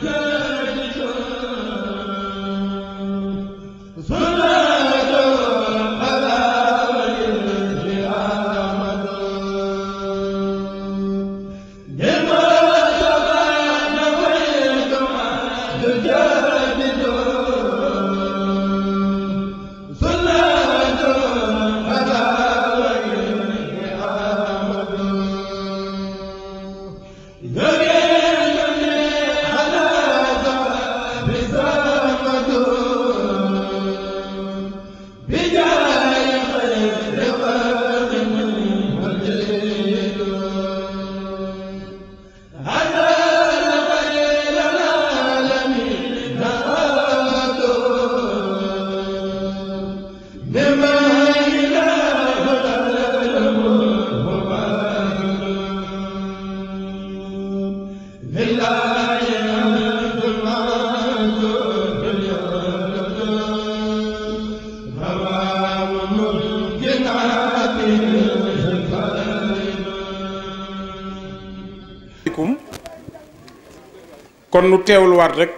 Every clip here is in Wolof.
Good. teewluwaat rekk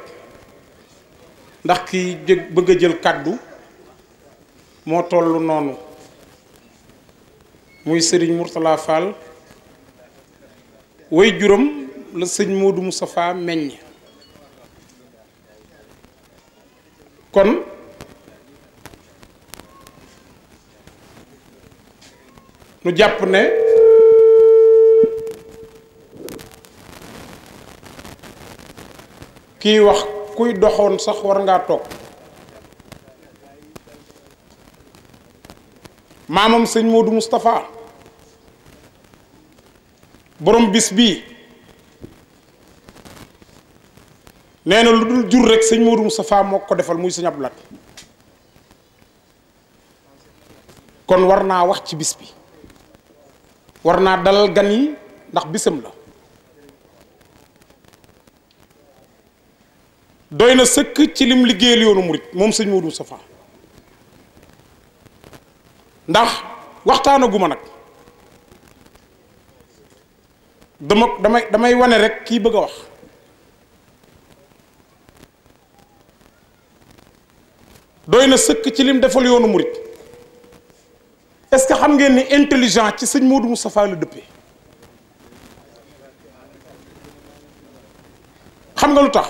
ndax kii bëgg a jël kàddu moo tollu noonu muy sëriñ Mourtala Fall way juram la sëñ Modou Moustapha meññ kon nu jàpp ne kii wax kuy doxoon sax war ngaa toog maamam sëñ Modou Moustapha borom bis bii nee na lu dul jur rek sëñ Modou Moustapha moo ko defal muy sëñ Abdou Lahad kon war naa wax ci bis bi war naa dalal gan yi ndax bisam la doy na sëkk ci lim liggéeyal yoonu murit moom sëñ Modou Safa ndax waxtaanaguma nag dama damay damay wane rek kii bëgg a wax doy na sëkk ci lim defal yoonu murit est-ce que xam ngeen ni intelligent ci sëñ Modou Moustapha la dëppee xam nga lu tax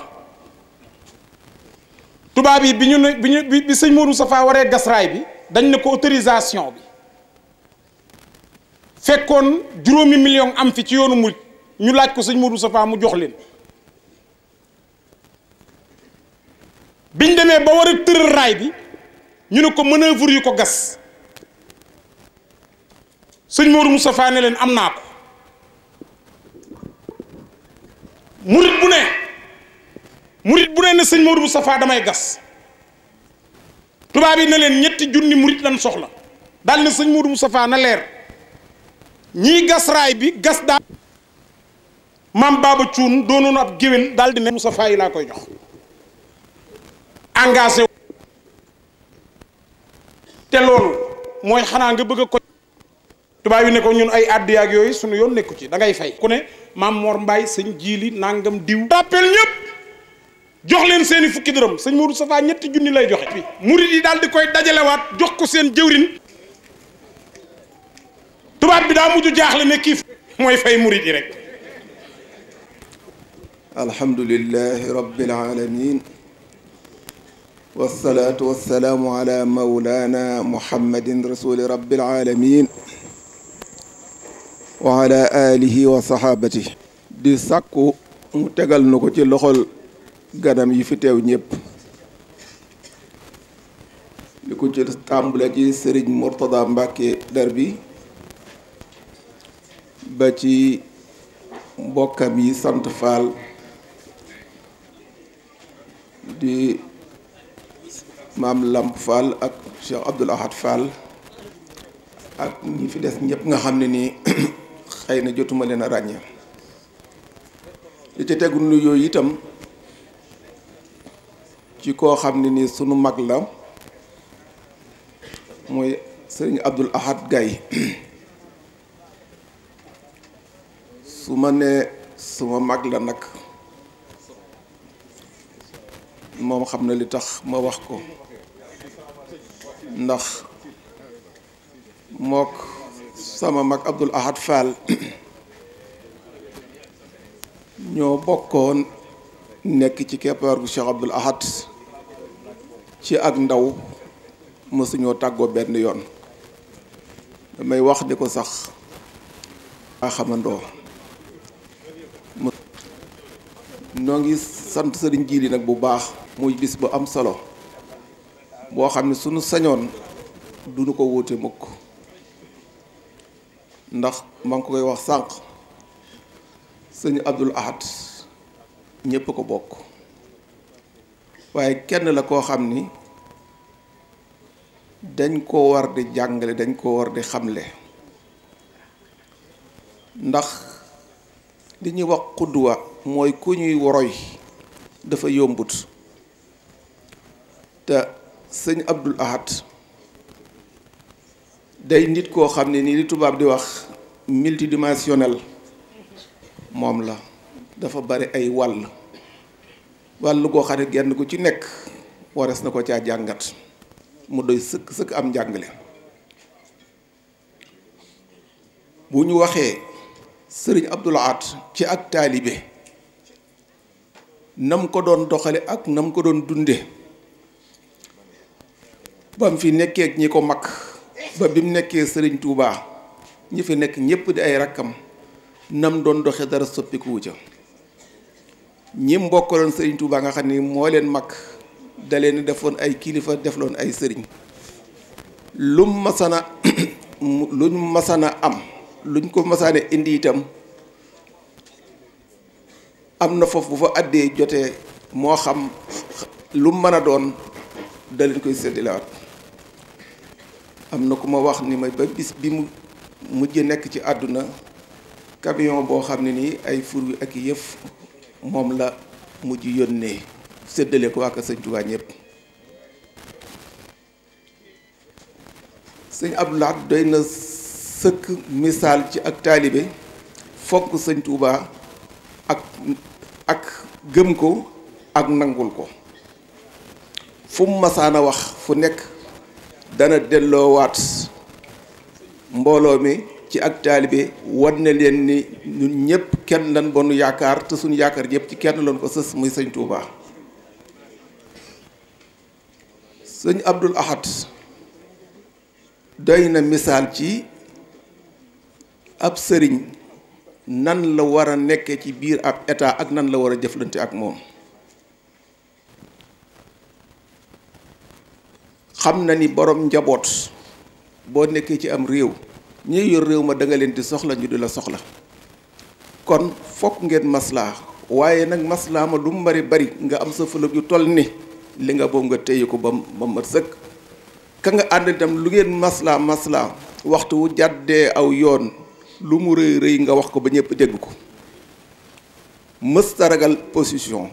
tubaab yi bi ñu ne bi ñu bi sëñ Modou Safa waree gas raay bi dañu ne ko autorisation bi fekkoon juróomi million am fi ci yoonu murit ñu laaj ko sëñ Modou Safa mu jox leen biñ demee ba war a bi ñu ne ko manœuvre yu ko gas sëñ Modou Moustapha leen am naa ko murit bu ne murit bu ne ne sëñ Modou Moustapha damay gas tubaab yi na leen ñetti junni murit lan soxla dal ne sëñ Modou Moustapha na leer ñii gas raay bi gas daal maam Baba Thioune doonoon ab géwél daal di ne Moustapha yi laa koy jox engagé te loolu mooy xanaa nga bëgg a ko tubaab yi ne ko ñun ay àddi ak yooyu sunu yoon nekku ci da ngay fay ku ne maam Mor Mbaye sëñ Jiili nangam diw rappel ñëpp jox leen seen i fukki dërëm sëñ Modou Safa ñetti junni lay joxe. murid yi daal di koy dajalewaat jox ko seen jëwrin tubaab bi daa mujj jaaxle ne kii mooy fay murid yi rek. alhamdulilahi rabbil alamin wasalaatu wasalaamu ala mawlana muhammadin rasuli rabbil alamin wa ala alihi wa sahabati di sàkku mu tegal na ko ci loxol ganam yi fi teew ñëpp li ko ci tàmbale ci sëriñ Mourtada Mbàkke dar bi ba ci mbokkam yi sant Faal di maam Lamp Fall ak Cheikh Abdoul Ahad Fall ak ñi fi des ñépp nga xam ne nii xëy na jotuma leen a ràññee li ci tegu nuyoo itam ci koo xam ne nii sunu mag la muy sëriñ Abdul Ahad Gaye su ma nee suma mag la nag moom xam na li tax ma wax ko ndax mook sama mag Abdul Ahad Fall ñoo bokkoon nekk ci keppaaru Cheikh Abdul Ahad ci ak ndaw suñoo tàggoo benn yoon damay wax ni ko sax a xamandoo noo ngi sant sëriñ Jili nag bu baax muy bis bu am solo boo xam ne suñu sañoon duñu ko wuute mukk ndax maa ngi koy wax sànq sëñ Abdul Ahad ñépp ko bokk waaye kenn la koo xam ni dañ ko war di jàngale dañ koo war di xamle ndax li ñuy wax xudduwa mooy ku ñuy roy dafa yombut te sëñ Abdul Ahad day nit koo xam ne nii li tubaab di wax multidimensionnel moom la dafa bari ay wàll wàll koo xam ne genn ku ci nekk warees na ko caa jàngat mu doy sëkk sëkk am njàngale bu ñu waxee sëriñ Abdou Lahad ci ak taalibe nam ko doon doxale ak nam ko doon dunde ba mu fi nekkee ñi ko mag ba bi mu nekkee sëriñ Touba ñi fi nekk ñépp di ay rakkam nam doon doxe dara soppikuwu ca ñi mbokkaloon sëriñ Touba nga xam ni moo leen mag da leen defoon ay kilifa defloon ay sëriñ lum masana luñ masana am luñ ko masaane indi itam am na foofu bu fa àddee jotee moo xam lu mën a doon da leen koy séddilaat am na ku ma wax ni ma ba bis bi mu mujj nekk ci àdduna camion boo xam ne nii ay fur wi ak yëf moom la mujj yónnee séddale ko waa kër sëñ Touba ñëpp sëñ Abdou laat doy na sëkk misaal ci ak taalibe fonk sëñ Touba ak ak gëm ko ak nangul ko fu mu masaan a wax fu nekk dana delloowaat mbooloo mi ci ak taalibe wan na leen ni ñun ñëpp kenn lan bonu yaakaar te suñu yaakaar yëpp ci kenn loon ko sës muy sëñ Touba. sëñ Abdul Ahad doy na misaal ci ab sëriñ nan la war a nekke ci biir ab etaa ak nan la war a jëflante ak moom xam na ni boroom njaboot boo nekkee ci am réew ñi yor réew ma danga leen di soxla ñu di la soxla kon fokk ngeen maslaa waaye nag maslaa ma lu mu bari bari nga am sa fëlëb yu toll ni li nga boobu nga téye ko ba ba mat sëkk ka nga ànd itam lu ngeen maslaa maslaa waxtu wu jàddee aw yoon lu mu rëy rëy nga wax ko ba ñëpp dégg ko mësta ragal position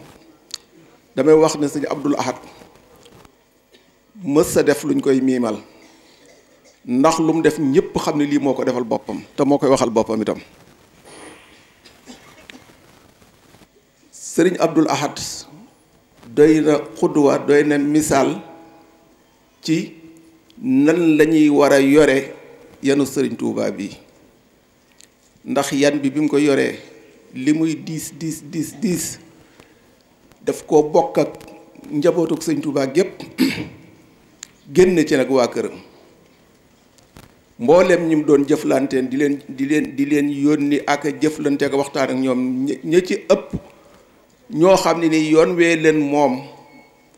damay wax ne sëñ Abdul Ahad mës def luñ koy miimal ndax lu mu def ñëpp xam ne lii moo ko defal boppam te moo koy waxal boppam itam sëriñ Abdul Ahad doy na xudduwa doy na misaal ci nan lañuy war yore yanu sëriñ Touba bi ndax yan bi bi mu ko yoree li muy diis diis diis diis daf ko bokk ak njabootuk sëriñ Touba gépp génn ci nag waa këram mboolem ñi mu doon jëflanteen di leen di leen di leen yónni ak jëflante ak waxtaan ak ñoom ña ci ëpp ñoo xam ne nii yoon wee leen moom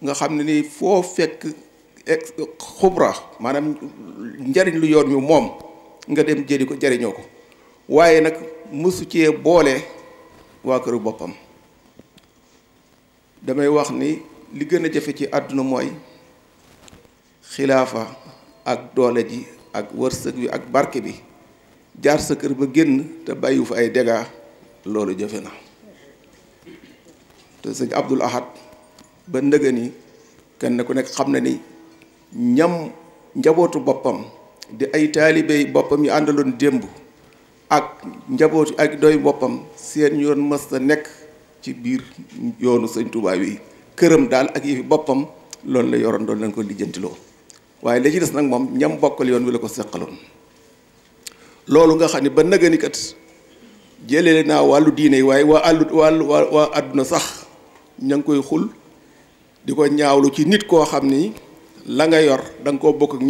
nga xam ne ni foo fekk xubra maanaam njariñ lu yoon wi moom nga dem jëli ko jariñoo ko waaye nag mësu cee boole waa këru boppam damay wax ni li gën a jafe ci àdduna mooy xilaafa ak doole ji ak wërsëg wi ak barke bi jaar sa kër ba génn te bàyyiwu fa ay dégâts loolu jafe na te sëñ Abdul Ahad ba ndëgën yi kenn ku nekk xam na ni ñam njabootu boppam di ay taalibey boppam yu àndaloon démb ak njabootu ak doy boppam seen yoon mësta nekk ci biir yoonu sëñ Touba wi këram daal ak yëfi boppam loolu la yoroon doon lañ ko lijjantiloo waaye la ci des nag moom ñam bokkal yoon wi la ko seqaloon loolu nga xam ne ba nëgëni kat naa wàllu diine waaye waa àllu waa àdduna sax ña ngi koy xul di ko ñaawlu ci nit koo xam ni la nga yor danga nga koo bokk ak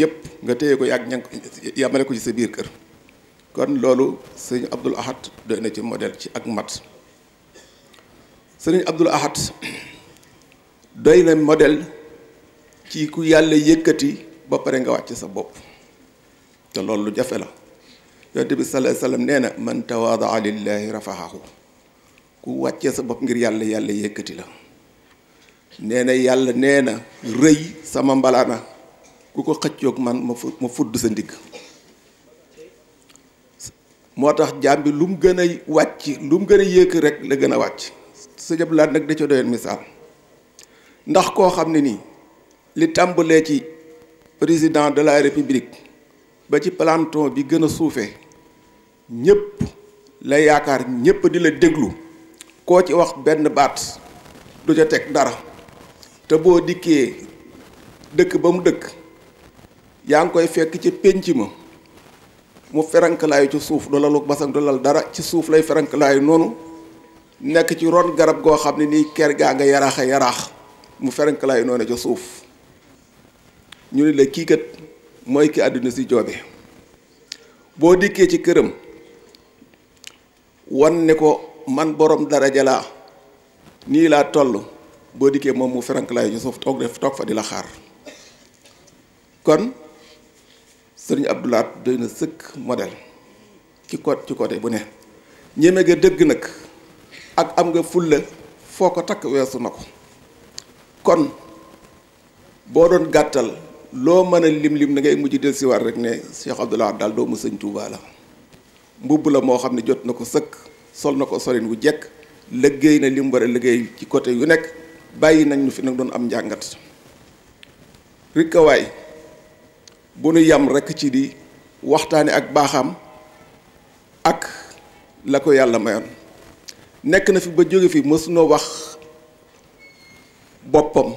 nga téye ko yàgg ña yamale ko ci sa biir kër kon loolu sëñ Abdul Ahad doy na ci modèle ci ak mat sëñ Abdul Ahad doy na modèle ci ku yàlla yëkkati ba pare nga wàcc sa bopp te loolu lu jafe la yonte bi sa alayhi wasallam nee na man tawaadaa lillahi rafahahu ku wàccee sa bopp ngir yàlla yàlla yëkkati la nee na yàlla nee na rëy sama mbalaana ku ko xëccoog man ma fu ma fudd sa ndigg moo tax jaam bi lu gën a wàcc lu gën a yéeg rek la gën a wàcc sa jablaat nag da ca doyoon misaal ndax koo xam ne nii li tàmbalee ci président de la république ba ci planton bi gën a suufee ñépp la yaakaar ñépp di la déglu koo ci wax benn baat du ca teg dara te boo dikkee dëkk ba mu dëkk yaa ngi koy fekk ci pénc ma mu ferankalaayu ci suuf du lalu basang dara ci suuf lay ferankalaayu noonu nekk ci ron garab goo xam ne ni ker gaa nga yaraaxa yaraax mu ferankalaayu noonu ci suuf ñu ne la kii kat mooy ki àdduna si joobe boo dikkee ci këram wan ni ko man borom daraja laa nii laa toll boo dikkee moom mu ferankalaayu ci suuf toog def toog fa di la xaar kon sëriñ Abdou Lahad doy na sëkk modèle ci côté ci côté bu ne ñeme nga dëgg nag ak am nga fulla foo ko takk weesu na ko kon boo doon gàttal loo mën a lim lim na ngay mujj del siwaat rek ne Cheikh Abdou Lahad daal doomu sëñ Touba la mbubb la moo xam ne jot na ko sëkk sol na ko solin wu jekk liggéey na li mu war a liggéey ci côté yu nekk bàyyi nañ ñu fi nag doon am njàngat rikkawaay bu nu yam rekk ci di waxtaane ak baaxam ak la ko yàlla mayoon nekk na fi ba jóge fi mës wax boppam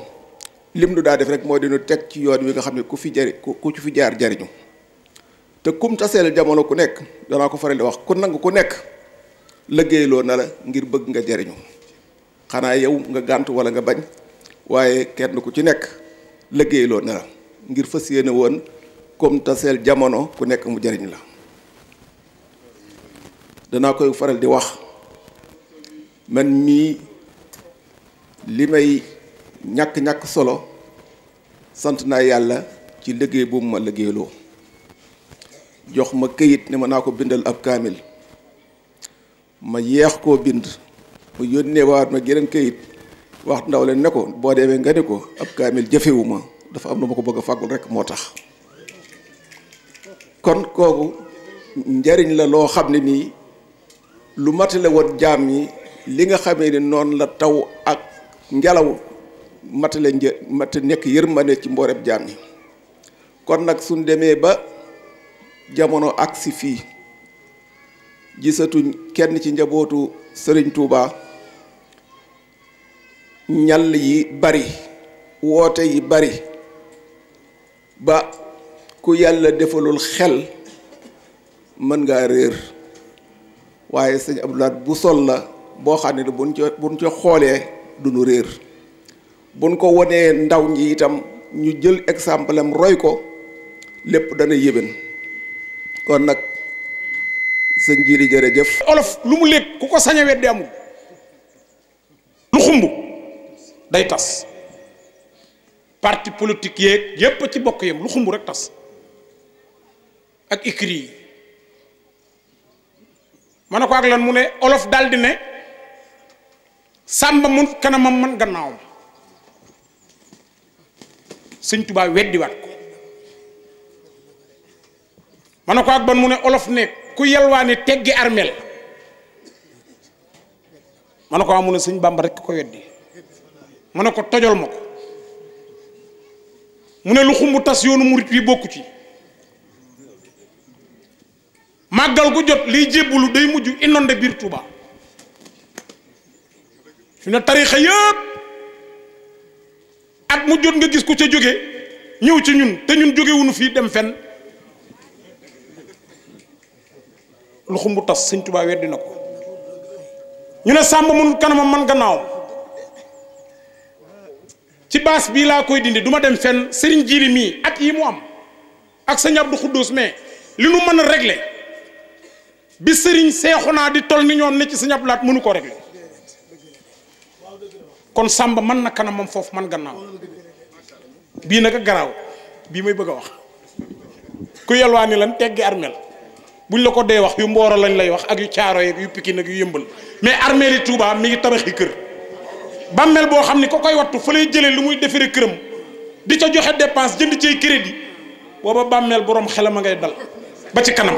lim nu daa def rek mooy dinu teg ci yoon wi nga xam ne ku fi jari ci fi jaar jariñu te kum jamono ku nekk danaa ko faral di wax ku nangu ku nekk liggéeyloo na la ngir bëgg nga jariñu xanaa yow nga gàntu wala nga bañ waaye kenn ku ci nekk liggéeyloo na ngir fas yéene woon comme taseel jamono ku nekk mu jariñ la danaa koy faral di wax man mii li may ñàkk-ñàkk solo sant naa yàlla ci liggéey bu ma liggéeyloo jox ma kayit ne ma naa ko bindal ab kaamil ma yeex koo bind mu yónnee waat ma geneen kayit wax ndaw leen ne ko boo demee nga ne ko ab kaamil jëfewu ma dafa am na ma ko bëgg a fàggul rek moo tax kon kooku njariñ la loo xam ne nii lu la wot jaam yi li nga xamee ne noon la taw ak ngelaw matale një mat nekk ne ci mboolem jaam yi kon nag suñ demee ba jamono agsi fii gisatuñ kenn ci njabootu Sëriñ Tuubaa ñal yi bari woote yi bari ba ku yàlla defalul xel mën ngaa réer waaye sëñ Abdoulaat bu sol la boo xam ne buñ ca buñ ci xoolee duñu réer buñ ko wonee ndaw ñi itam ñu jël exemple roy ko lépp dana yëbén kon nag sëñ ji li jërëjëf olof lu mu léeg ku ko sañ demul lu xumb day tas parti politique yeeg yépp ci bokk yam lu xumb rek tas ak écrit yi ma ne ko ak lan mu ne olof daldi ne sàmba mun kanamam man gannaawam sëñ Tuubaa weddiwaat ko ma ne ko ak ban mu ne olof ne ku yalwaane teggi armel ma ne ko am ah, mu ne sëñ Bàmba rek ko weddi mu ne ko tojal ma ko mu ne lu xumb tas yoonu murit wi bokku ci màggal gu jot liy jébbulu day mujj inondé biir Touba su ne tarixa yëpp at mu jot nga gis ku ca jóge ñëw ci ñun te ñun jógewuñu fii dem fenn lu xumb tas sëñ Touba weddi na ko ñu ne sàmba mënul kanamam man gannaaw ci baas bii laa koy dindi duma dem fenn sëriñ jiiri mii ak yi mu am ak sëñ Abdou Khoudous mais li nu mën a regle bi sëriñ naa di tol ni ñoom ne ci sëñ Abdou Lahat mënu ko régler kon Samba man na kanamam foofu man gannaaw bii nag garaaw bii may bëgg a wax ku yelwaa ni lan teggi bu ñu la ko dee wax yu mbooro lañ lay wax ak yu caaro yeeg yu Pikine ak yu yëmbal mais armel yi Touba mi ngi tabaxi kër bàmmeel boo xam ni ko koy wattu fa lay jëlee lu muy defaree këram di ca joxe dépense jënd ci crédit booba bàmmeel boroom xelam a ngay dal ba ci kanam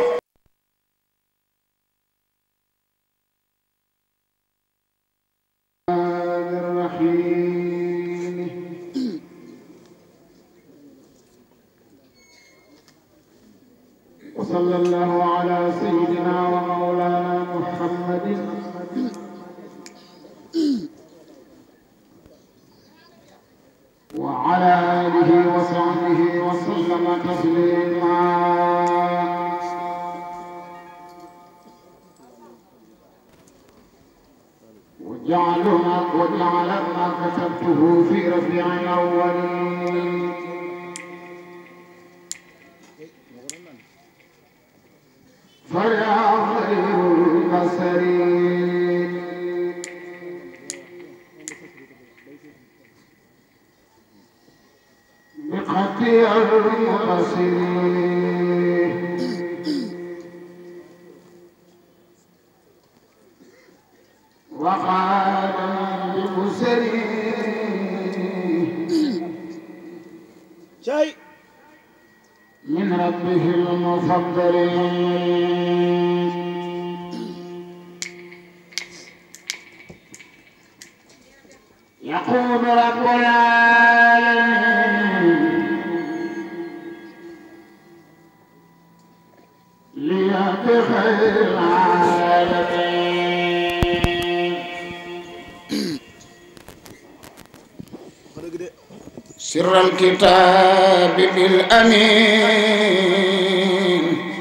العالمين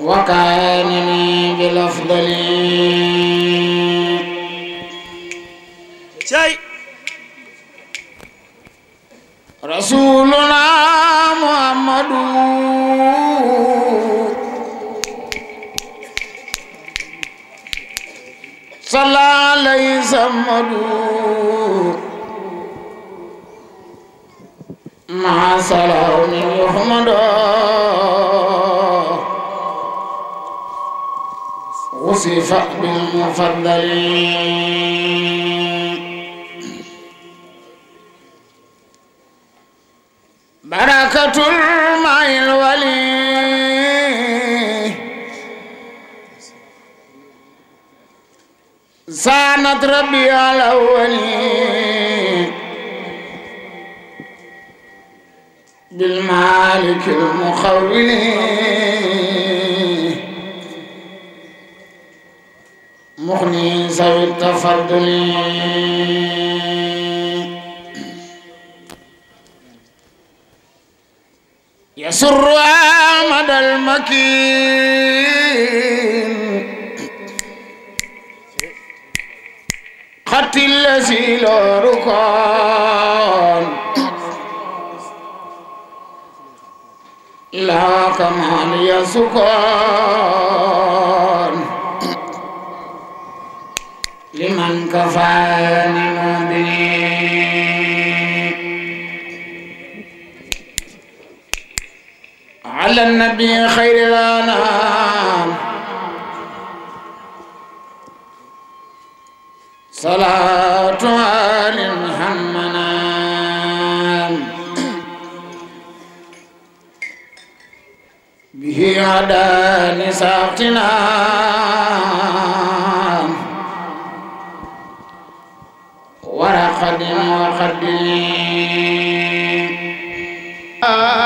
وكانني بالأفضل شيء رسولنا محمد صلى عليه وسلم مع سلام يحمد وصف بالمفضل بركة الماء الولي سانت ربي الأولين بالمالك المخول مغني ذوي التفضل يسر أحمد المكين قتل الذي لا ركان إلا كما لي سكون لمن كفاني مبني على النبي خير الأنام صلاه دان ساقتنا ورقد وقد آه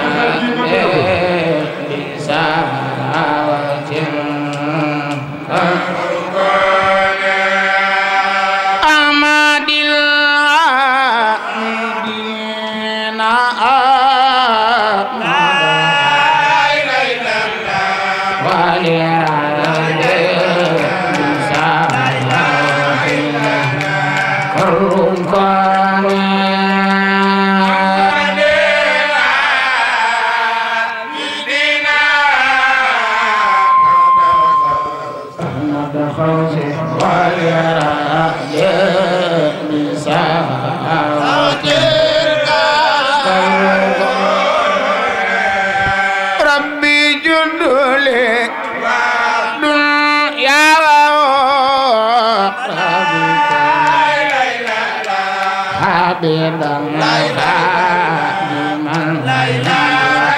بيد الله لا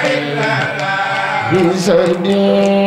إله إلا الله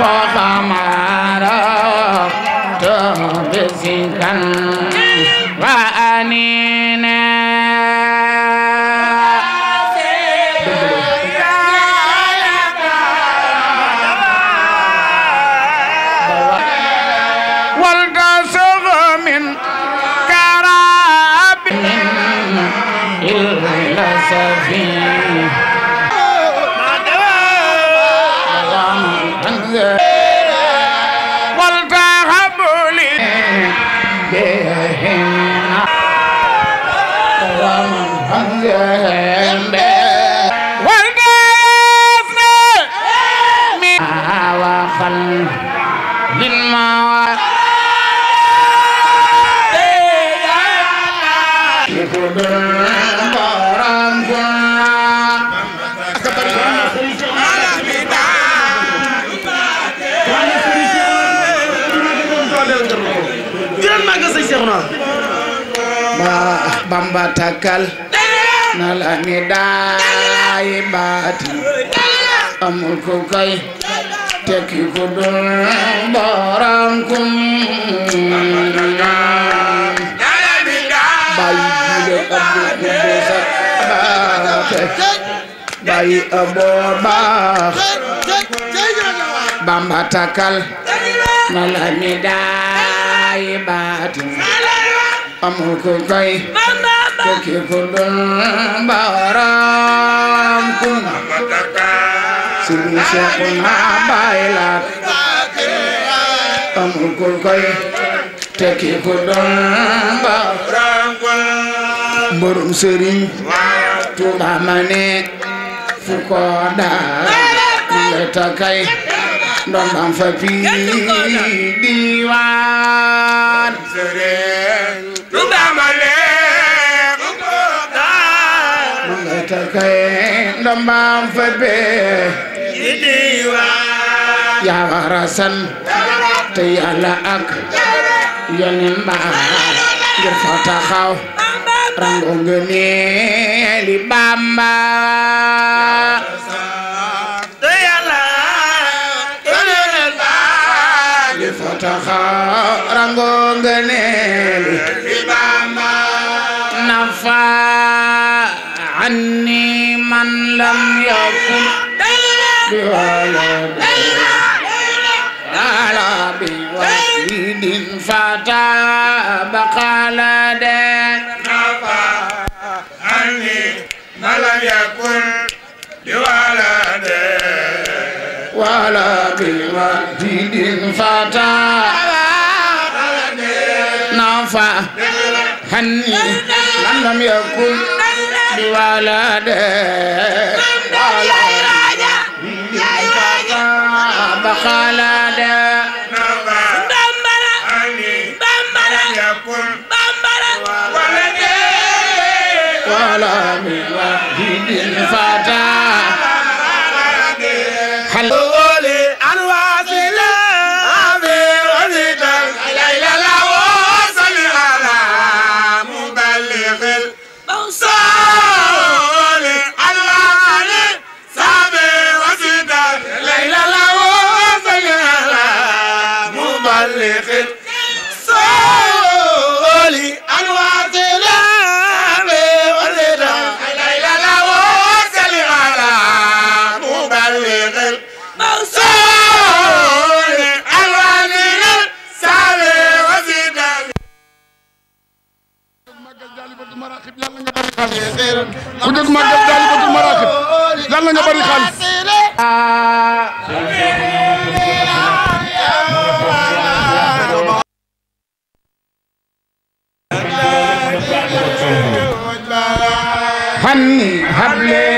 for the man. batakal na la ni daay baati amul ku kay tekki ku dul borom kum bayi jule daay baati amul tukki kundum baram kun siri seexuna baylaat amul kun koy tukki kundum baram kun mburum sëriñ Tuuba mane fu ko daa le takay ndondam fa pii diwaan takay ndambaam fat be yidiwa yaa wara san te yàlla ak yonin ba ngir fa taxaw rango ngëneeli Bamba te yàlla yonin ba ngir fa taxaw rango ngëneeli لم يكن بولد على بوالد فتاب قلدا نفى عني ما لم يكن بولد ولا بوالد فتاب نفى عني من لم يكن الولد ku jóg màggal daal ko jóg maraakib yal na nga bari xaalis. han hable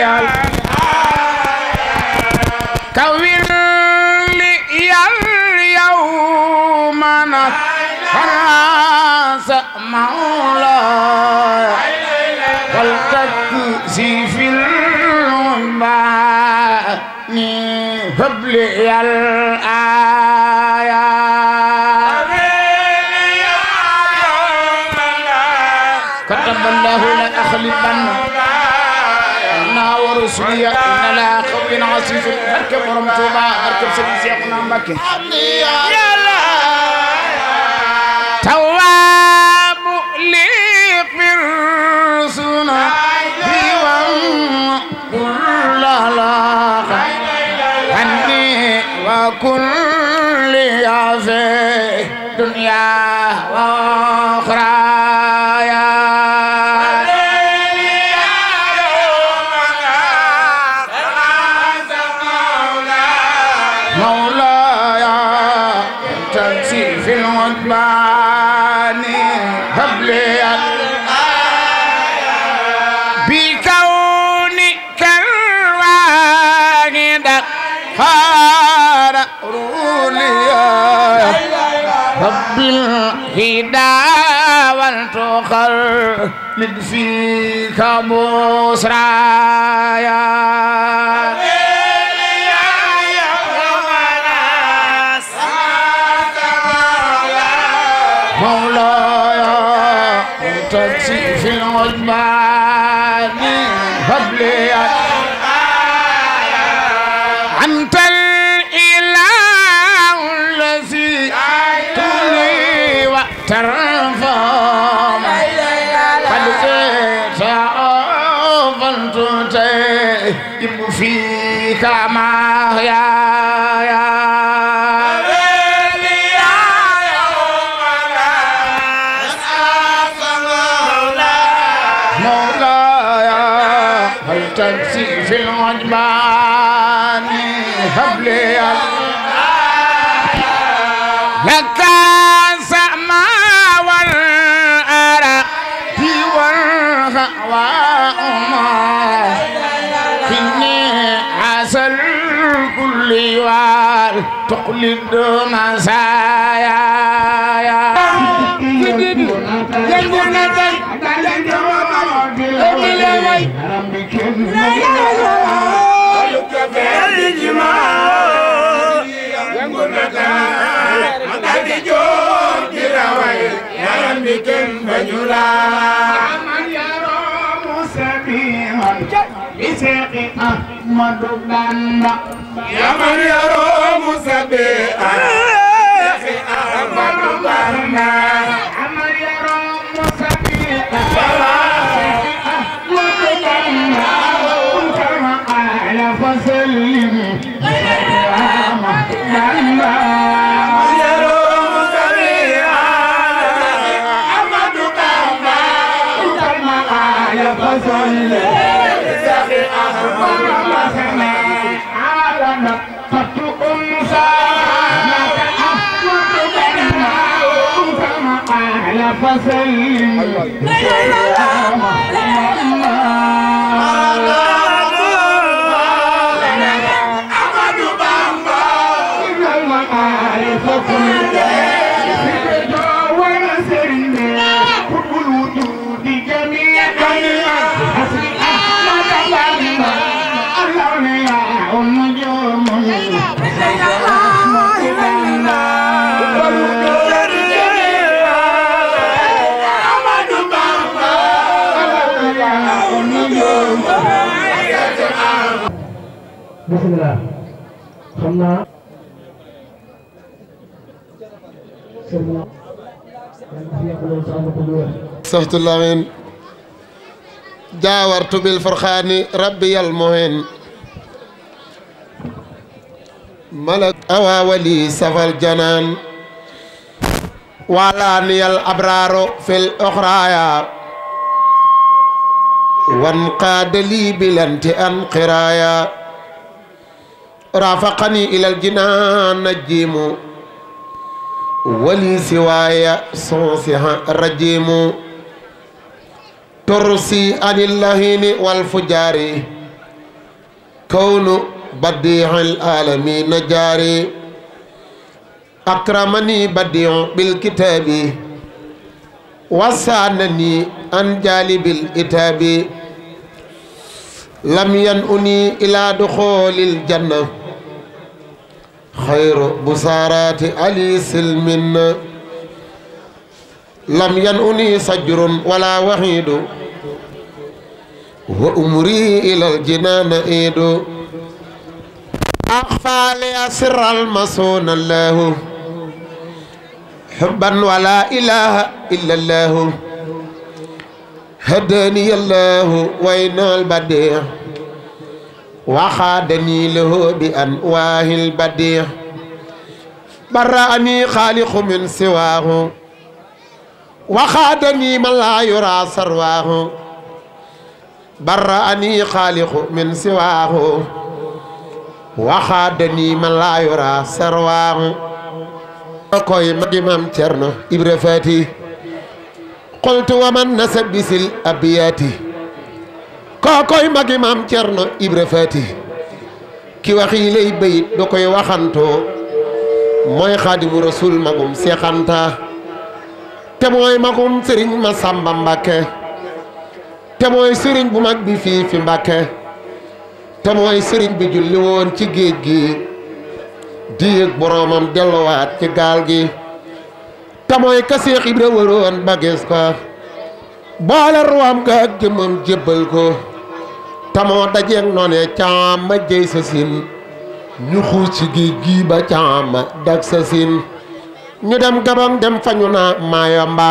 kër Serigne Cheikhouna Mbacké قلب فيك مسرع تمسي في العجبان هبلي لك سما والأرى في والهواء ما فيني عسل كل وار تقلد مسار رجلا ومن يروم سبيها بسيق أحمد بنا يا من يروم سبيها بسيق أحمد بنا فسلم لا اله الا الله xam naa saxtu lamin jaawartu bil furxaani rabbiyal muhin malak awaawali safal janaan waalaaniyal abraaru fil oxraaya wan qaadali bilanti an qiraaya رافقني إلى الجنان نجيم ولي سواي صوصها رجيم ترسي عن اللهين والفجار كون بديع العالمين جاري أكرمني بديع بالكتاب وسانني عن جالب الإتاب لم ينؤني إلى دخول الجنة خير بسارات علي سلم لم ينؤني سجر ولا وحيد وأمري إلى الجنان إيد أخفى لي سر المصون الله حبا ولا إله إلا الله هداني الله وإن البديع وخادني له بأنواه البديع برأني خالق من سواه وخادني من لا يرى سرواه برأني خالق من سواه وخادني من لا يرى سرواه كوي مدمم ترنو إبرفاتي قلت ومن نسب بسل أبياتي kookoy magi maam Cerno Ibra Faati ki wax yi lay bayit da waxantoo mooy xaadimu rasul magum seexanta te mooy magum sëriñ ma sàmba mbàkke te mooy sëriñ bu mag bi fii fi mbàkke te mooy sëriñ bi julli woon ci géej gi diig boroomam delluwaat ci gaal gi te mooy ka Seex Ibra wëroon ba gis ko boole ruwaam ga jëmmam jébbal ko tamoo dajeeg noonee caama jëy sa ñu xuus gii ba caama dag sa ñu dem gabam dem fañu na maayomba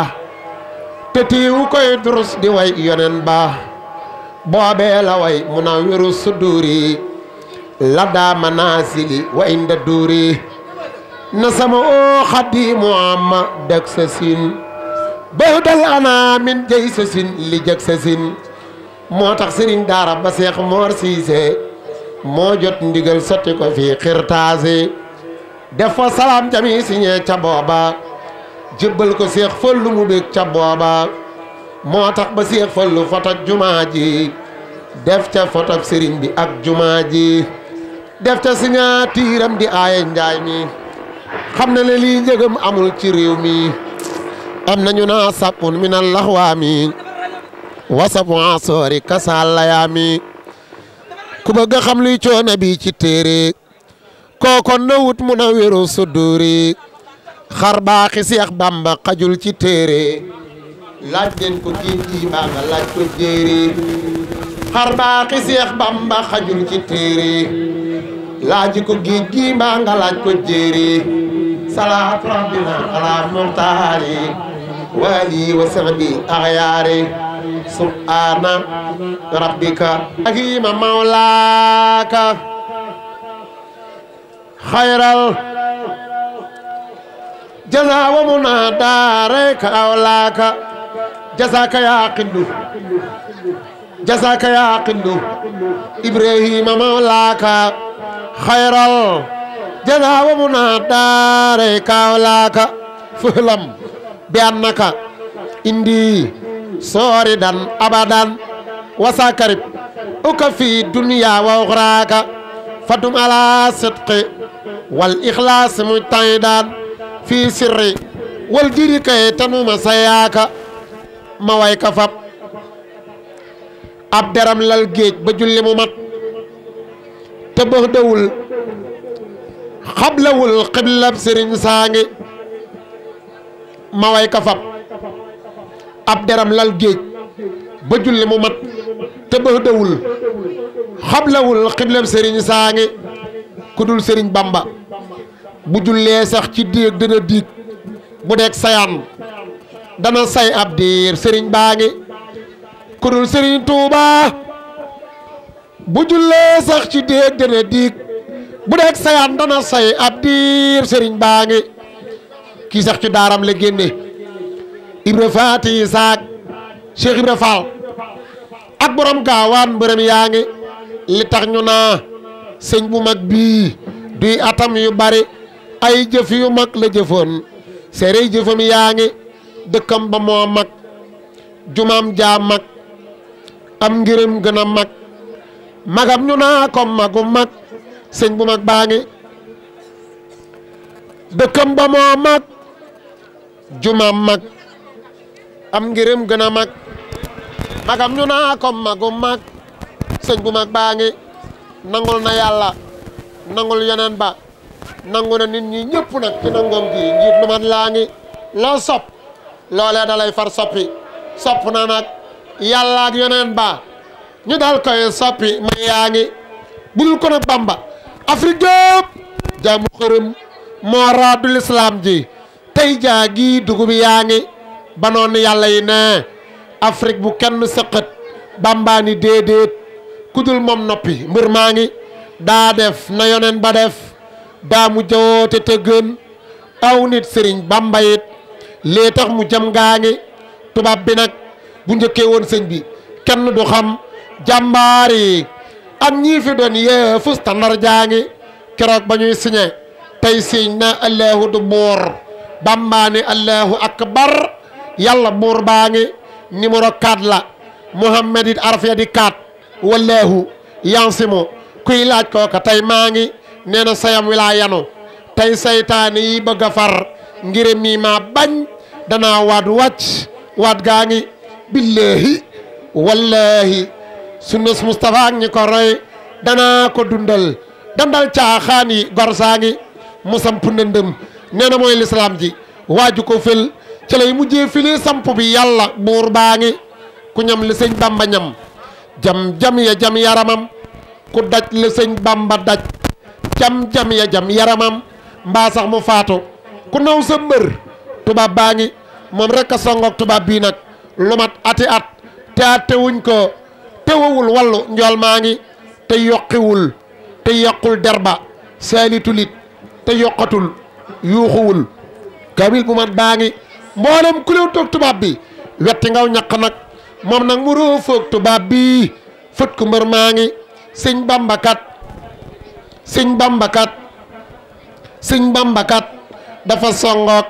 te tiiwu koy durus di way yonen ba boobee la way mu na wiru su la daa manaasili wa inda duuri na sama oo xadiimu amma dag sa siin bëw min jëy sa li jag sa moo tax sëriñ daara ba seex moor moo jot ndigal sotti ko fii xirtaasi def fa salaam jami siñee ca booba jébbal ko seex fallu mu bég ca booba moo tax ba seex fallu foto jumaa ji def ca foto sëriñ bi ak jumaa ji def ca siñaatiiram di aaye njaay mi xam na ne lii amul ci réew mi am nañu naa sàppun mi na laxwaa mi wasabu asoori kasaalayaami ku bëgg xam luy coono bi ci téere kooko nawut mun a wéru sudduuri xar baaxi seex bamba xajul ci téere laaj leen ko kii kii nga laaj ko jéere xar baaxi seex bamba xajul ci téere laaji ko géej gi nga laaj ko jéere salaatu rabbina ala muxtaari وآلي وصحبي أغياري سبحان ربك أكيم مولاك خير الجزاء ومنا دارك أولاك جزاك يا قندو جزاك يا قندو إبراهيم مولاك خير الجزاء ومنا دارك أولاك فهلم bi annaka indi sooridan abadan wasakarib uka fi dunya wa uxraaka fadum ala sidqi wal ixlaas mujtahidan fi sirri wal diri kay tanuma sayaaka ma way ka fab ab deram lal géej ba julli mu mat te xablawul xiblab sëriñ saa ma way ka fab ab deram lal géej ba julli mu mat te ba xiblem sëriñ saa ngi ku dul sëriñ bamba bu jullee sax ci déeg dana diig bu deeg sayaan dana say ab diir sëriñ baa ngi ku dul sëriñ tuuba bu jullee sax ci déeg dana diig bu deeg sayaan dana say ab diir sëriñ baa ngi kii sax ci daaram la génne Ibra Faati saak Cheikh Ibra Fall ak borom gaawaan mbërëm yaa ngi li tax ñu naa sëñ bu mag bii duy atam yu bari ay jëf yu mag la jëfoon seerey jëfam yaa ngi dëkkam ba moo mag jumaam jaa mag am ngërëm gën a mag magam ñu naa ko magu mag sëñ bu mag baa ngi dëkkam ba mag jumaam mag am ngirim gën mag magam ñu naa ko magum mag sëñ bu baa ngi nangul na yàlla nangul yeneen ba nangu na nit ñi ñëpp nag ci nangoom gi njiit lu laa ngi loo sopp loolee da lay far soppi sopp na nag yàlla ak yeneen ba ñu dal koy soppi ma yaa ngi budul ko Bamba Afrique jaamu xërëm moo raadu lislaam ji tey jaa gii dugub yaa ngi banoon yàlla yi ne afrig bu kenn sëqat bambaani déedéet kudul moom noppi mbir maa ngi daa def na yonen ba def daa mu jawoote te aw nit sëriñ Bamba it lee tax mu jëm gaa ngi tubaab bi nag bu njëkkee woon sëñ bi kenn du xam jàmbaar yi ak ñii fi doon yëfu standard jaa ngi keroog ba ñuy signé tey siñ na allahu du boor bambaane allahu akbar yàlla buur baa ngi numéro 4 la Muhammad it arafia di 4 wallahu yansimu kuy laaj kooka tey maa ngi nee na sayam wi laa yanu tey seytaane yi bëgg far ngir mii maa bañ danaa waat wàcc waat gaa ngi billahi wallahi su Moustapha ak ñi ko roy danaa ko dundal dandal caaxaan yi gor saa ngi musam pu ndëndëm nee na mooy lislaam ji waaju ko fël ci lay mujjee fili samp bi yàlla buur baa ngi ku ñam li sëñ bamba ñam jam jam ya jam yaramam ku daj li bamba daj jam jam ya jam yaramam mbaa sax mu faatu ku naw sa mbër tubaab baa ngi moom rek a songoog tubaab bii nag lu ati at te at tewuñ ko tewawul wallu njool maa ngi te yokkiwul te yokkul derba seelitulit te yokkatul yuuxuwul kamil bu mat baa ngi mboolem ku toog tubaab bi wetti ngaw ñaq nag moom nag mu roo foog tubaab bi fët ku mbër maa ngi sëñ bambakat sëñ bambakat sëñ bambakat dafa songoog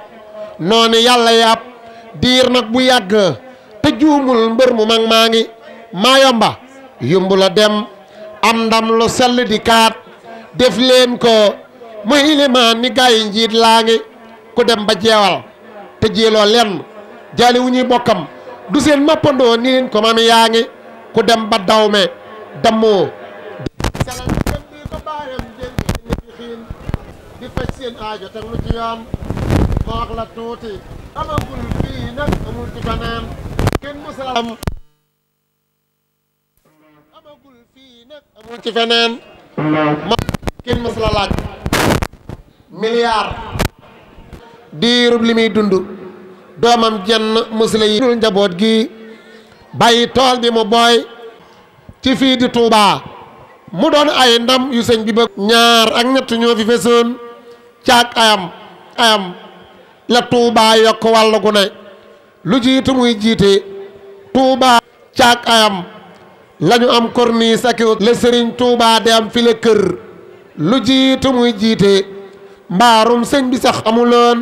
noonu yàlla yàpp diir nag bu yàgg te juumul mbër mu mag maa ngi maa yomba yumbu dem am ndam lu sell di kaat def leen ko mu ilimaan ni gaa njiit laa ngi ku dem ba jeewal te jéeloo lenn jaali wu ñuy bokkam du seen mappandoo ni leen ko mam yaa ngi ku dem ba dawme dammoo di faj seen aajo teg lu ci yoon ma wax la tuuti amagul fii nag amul ci feneen ma kenn musala laaj milliard diirub li muy dund doomam jenn musula yi dul njaboot gi bàyyi tool bi mu booy ci fii di Touba mu doon ay ndam yu sëñ bi bëgg ñaar ak ñett ñoo fi fesoon caag ayam ayam la Touba yokk wàll gu lu jiitu muy jiite Touba caag ayam lañu am corniche ak le Serigne Touba di am file kër lu jiitu muy jiite mbaarum sëñ bi sax amuloon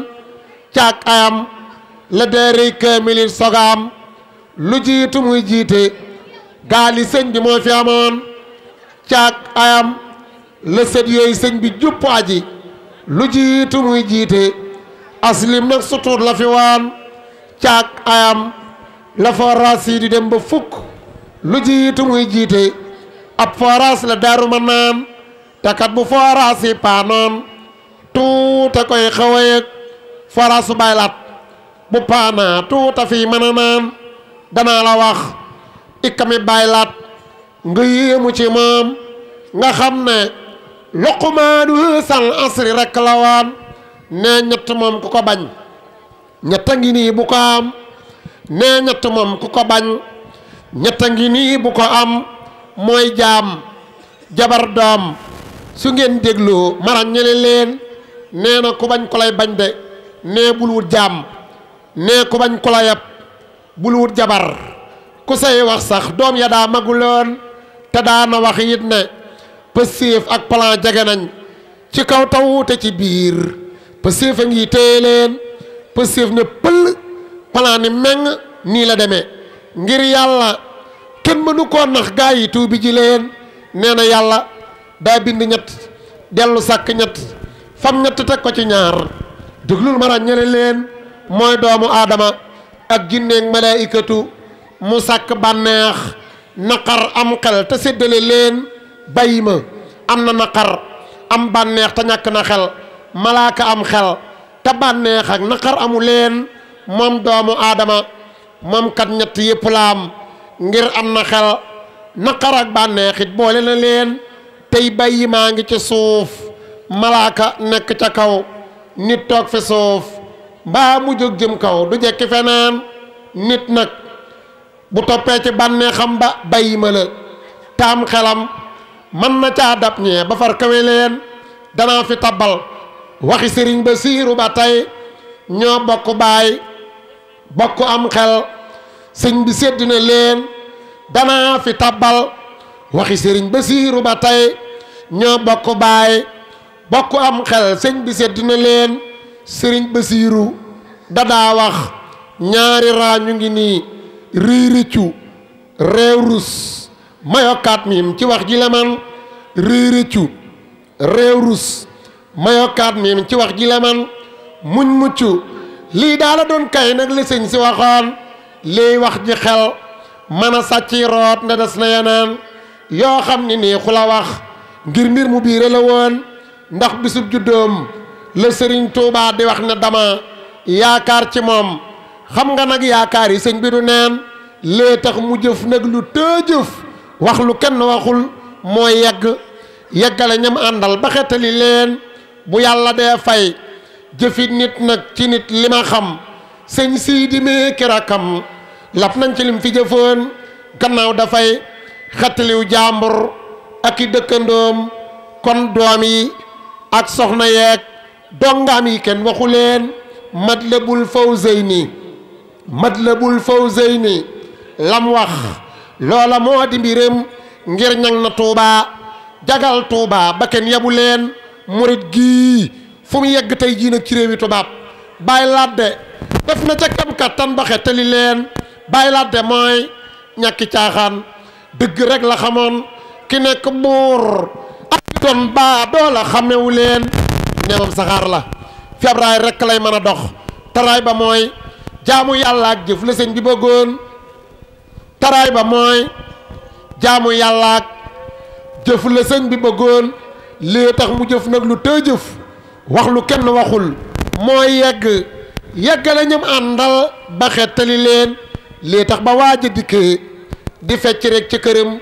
caag ayam la deeri kaamilin sogaam lu jiitu jiite gaali sëñ bi moo fi amoon caag ayam la sët yooyu sëñ bi jupp aji lu jiitu muy jiite aslim nag sutuur la fi waan caag ayam la foraas yi di dem fukk lu jiitu muy jiite ab foraas la daaru ma naan takat bu foraas yi tuuta koy xaw a yëg baylaat bu paanaa tuuta fii mën a naan danaa la wax ikkami baylaat nga yéemu ci moom nga xam ne luqumaanu sal asri rekk la waan ne ñett moom ku ko bañ ñetta ngi nii bu ko am ne ñett moom ku ko bañ ñetta ngi nii bu ko am mooy jaam jabar doom su ngeen dégloo maraññali leen nee na ku bañ ko bañ de nee bul wut jaam nee ku bañ ko bul wut jabar ku say wax sax doom ya daa maguloon te daana wax it ne pësiif ak plan jege nañ ci kaw taw wuute ci biir pësiif a ngi téye leen pësiif ne pël plan ni meng nii la demee ngir yàlla kenn mënu koo nax gaa yi tuubi ji leen nee na yàlla daa bind ñett dellu sàkk ñett fab ñett teg ko ci ñaar déglul ma ràññale leen mooy doomu aadama ak jinneeg malaayikatu mu sàkk bànneex naqar am xel te séddale leen bàyyi ma am na naqar am bànneex te ñàkk na xel malaaka am xel te bànneex ak naqar amu leen moom doomu aadama moom kat ñett yëpp la ngir am na xel naqar ak bànneex it boole na leen tey bàyyi maa ngi ci suuf malaaka nekk ca kaw nit toog fi suuf baa mu jóg jëm kaw du jekki feneen nit nag bu toppee ci bànnee xam ba bàyyi ma la taam xelam man na caa dab ñee ba far kawe leen danaa fi tabal waxi sëriñ ba siiru ba tey ñoo bokk baay bokk am xel sëñ bi sedd leen danaa fi tabal waxi sëriñ ba siiru ba tey ñoo bokk baay bokk am xel sëñ bi sedd na leen sëriñ Basiiru dadaa wax ñaari raa ñu ngi nii riiricu réew rus mayokaat miim ci wax ji la man riiricu réew rus mayokaat miim ci wax ji la muñ mucc lii daala doon kay nag la sëñ si waxoon lii wax ji xel mën a sàcci nda des na yeneen yoo xam ni nii xula wax ngir mbir mu biire la woon ndax bisub juddoom la sëriñ Touba di wax ne dama yaakaar ci moom xam nga nag yaakaar yi sëñ bi du neen lee tax mu jëf nag lu tëjëf wax lu kenn waxul moo yegg yeggale ñam àndal ba xetali leen bu yàlla dee fay jëfit nit nag ci nit li xam sëñ sii di meeki rakkam lap nañ ci lim fi jëfoon gannaaw dafay xetaliw jàmbur ak i dëkkandoom kon doom yi ak soxna yeeg dongaam yi kenn waxu leen matlabul fawzayni matlabul fawzayni lam wax loola moo di mbiram ngir ñang na tuubaa jagal tuubaa ba kenn yabu leen murit gii fu yegg tey jii nag ci tubaab bàyyi laatde def na ca kam kattan ba xettali leen bàyyi laatde mooy ñàkki caaxaan dëgg rek la xamoon ki nekk buur kon baa doola xamewu leen neemam saxaar la fi ab rekk lay mën a dox taraay ba mooy jaamu yàlla ak jëf la sëñ bi bëggoon taraay ba mooy jaamu yàlla ak jëf la bi bëggoon lii tax mu jëf nag lu tëj jëf wax lu kenn waxul mooy yegg yeggale ñam àndal ba xettali leen lii tax ba waaja dikkee di fecc rek ci këram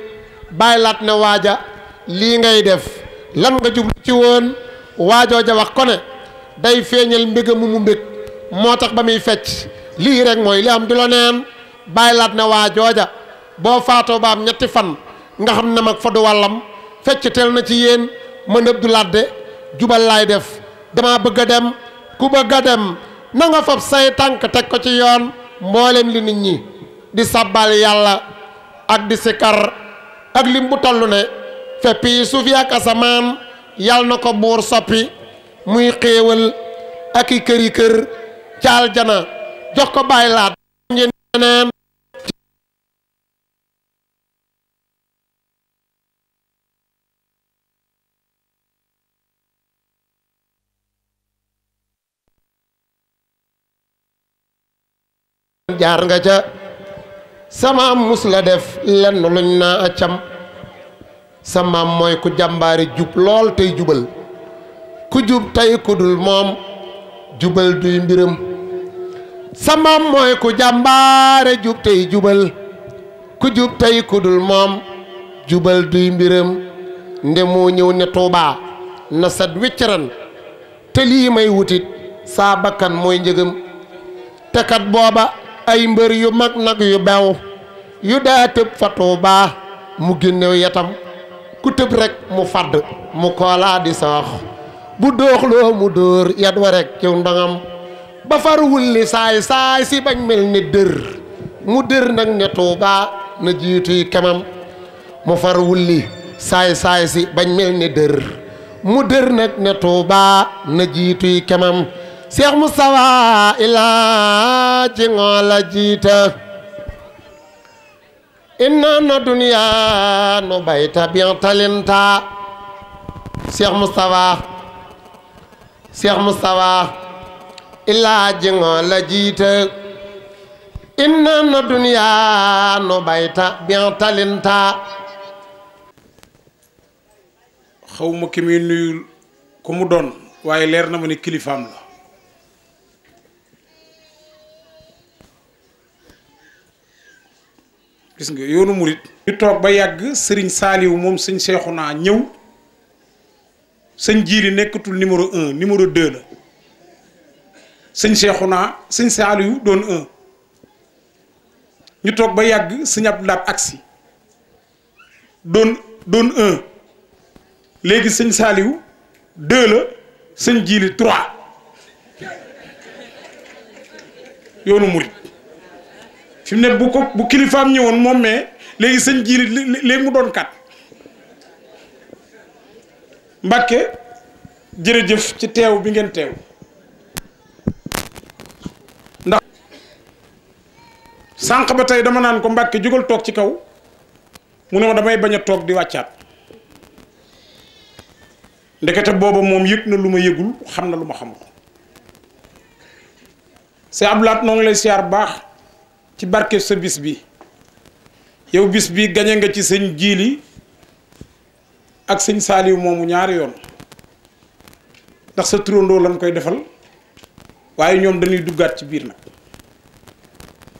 bàyyi laat ne waaja lii ngay def lan nga jublu ci woon waajooja wax ko ne day feeñal mbéga mu mu mbég moo tax ba muy fecc lii rek mooy li am du la neen bàyyi laat na waajooja boo faatoo ba am ñetti fan nga xam ne mag fa wàllam fecc teel na ci yéen mën ëb du ladde jubal laay def dama bëgg a dem ku bëgg a dem na nga fab say tànk teg ko ci yoon mboolem li nit ñi di sabbal yàlla ak di sikar ak lim bu toll ne feppi suuf ak asamaan yal na ko buur soppi muy xéewal ak i këri kër ca jana jox ko bàyyi laat jaar nga ca sama am mus la def lenn luñ naa accam sa maam mooy ku jàmbaari jub lool tey jubal ku jub tey ku dul moom jubal duy mbiram sa maam mooy ku jàmbaare jub tey jubal ku jub tey ku moom jubal duy mbiram nde moo ñëw ne tuubaa na sat wiccaran te lii may wutit saa bakkan mooy njëgam te kat booba ay mbër yu mag nag yu bew yu daa tëb fa tuubaa mu génnew yatam ku tëb rek mu fadd mu koolaa di soox bu dooxloo mu dóor yat wa rek ciw ndongam ba far wulli saay saay si bañ mel ni dër mu dër nag ne tuubaa na jiituy kemam mu far wulli saay saay si bañ mel ni dër mu dër nag ne tuubaa na jiituy kemam Cheikh Moustapha ilaa ci ngoo la jiita inna na duniya nu bayta bien talinta cheikh moustapha cheikh moustapha illaa jingo la jiite inna na duniya nu bayta bien talinta xawma ki muy nuyul ku mu doon waaye leer na ma ne kilifaam la gis nga yoonu murit ñu toog ba yàgg sëriñ saaliwu moom sëñ naa ñëw sëñ jiili nekkatul numéro un numéro deux la sëñ naa sëñ saaliwu doon un ñu toog ba yàgg sëñ abdulaat agsi doon doon un léegi sëñ saaliwu deux la sëñ jiili trois yoonu murit fi ne bu ko bu kilifaam ñëwoon moom mais léegi sëñ jiiri li mu doon kat Mbàkke jërëjëf ci teew bi ngeen teew ndax sanq ba tey dama naan ko Mbàkke jógal toog ci kaw mu ne ma damay bañ a toog di wàccaat ndekete booba moom yëg na lu ma yëgul xam na lu ma xamul c'est ablaat noo ngi lay siyaar baax ci barke sa bis bi yow bis bi gañe nga ci sëñ jiili ak sëñ saaliw moomu ñaari yoon ndax sa turandoo lañ koy defal waaye ñoom dañuy duggaat ci biir nag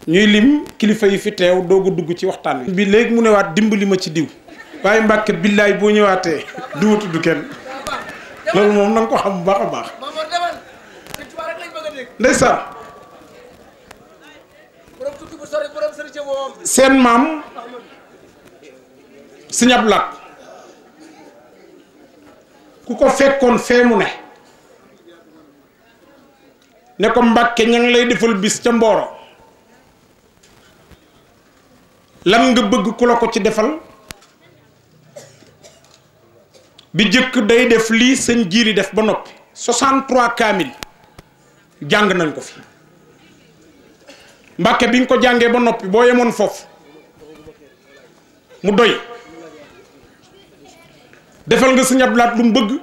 ñuy lim kilifa yi fi teew doog dugg ci waxtaan wi. bi léegi mu newaat dimbali ma ci diw waaye Mbàkke billaay boo ñëwaatee du ma kenn loolu moom na ko xam bu baax a baax ndeysaan seen maam Sëñ Abdu ku ko fekkoon fee mu ne ne ko Mbàkke ña ngi lay defal bis ca Mboro lan nga bëgg ku la ko ci defal bi jëkk day def lii sëñ jiiri def ba noppi 63 kaamil jàng nañ ko fi mbàkke bi nga ko jàngee ba noppi boo yemoon foofu mu doy defal nga sëñ Abdu Lahat lu bëgg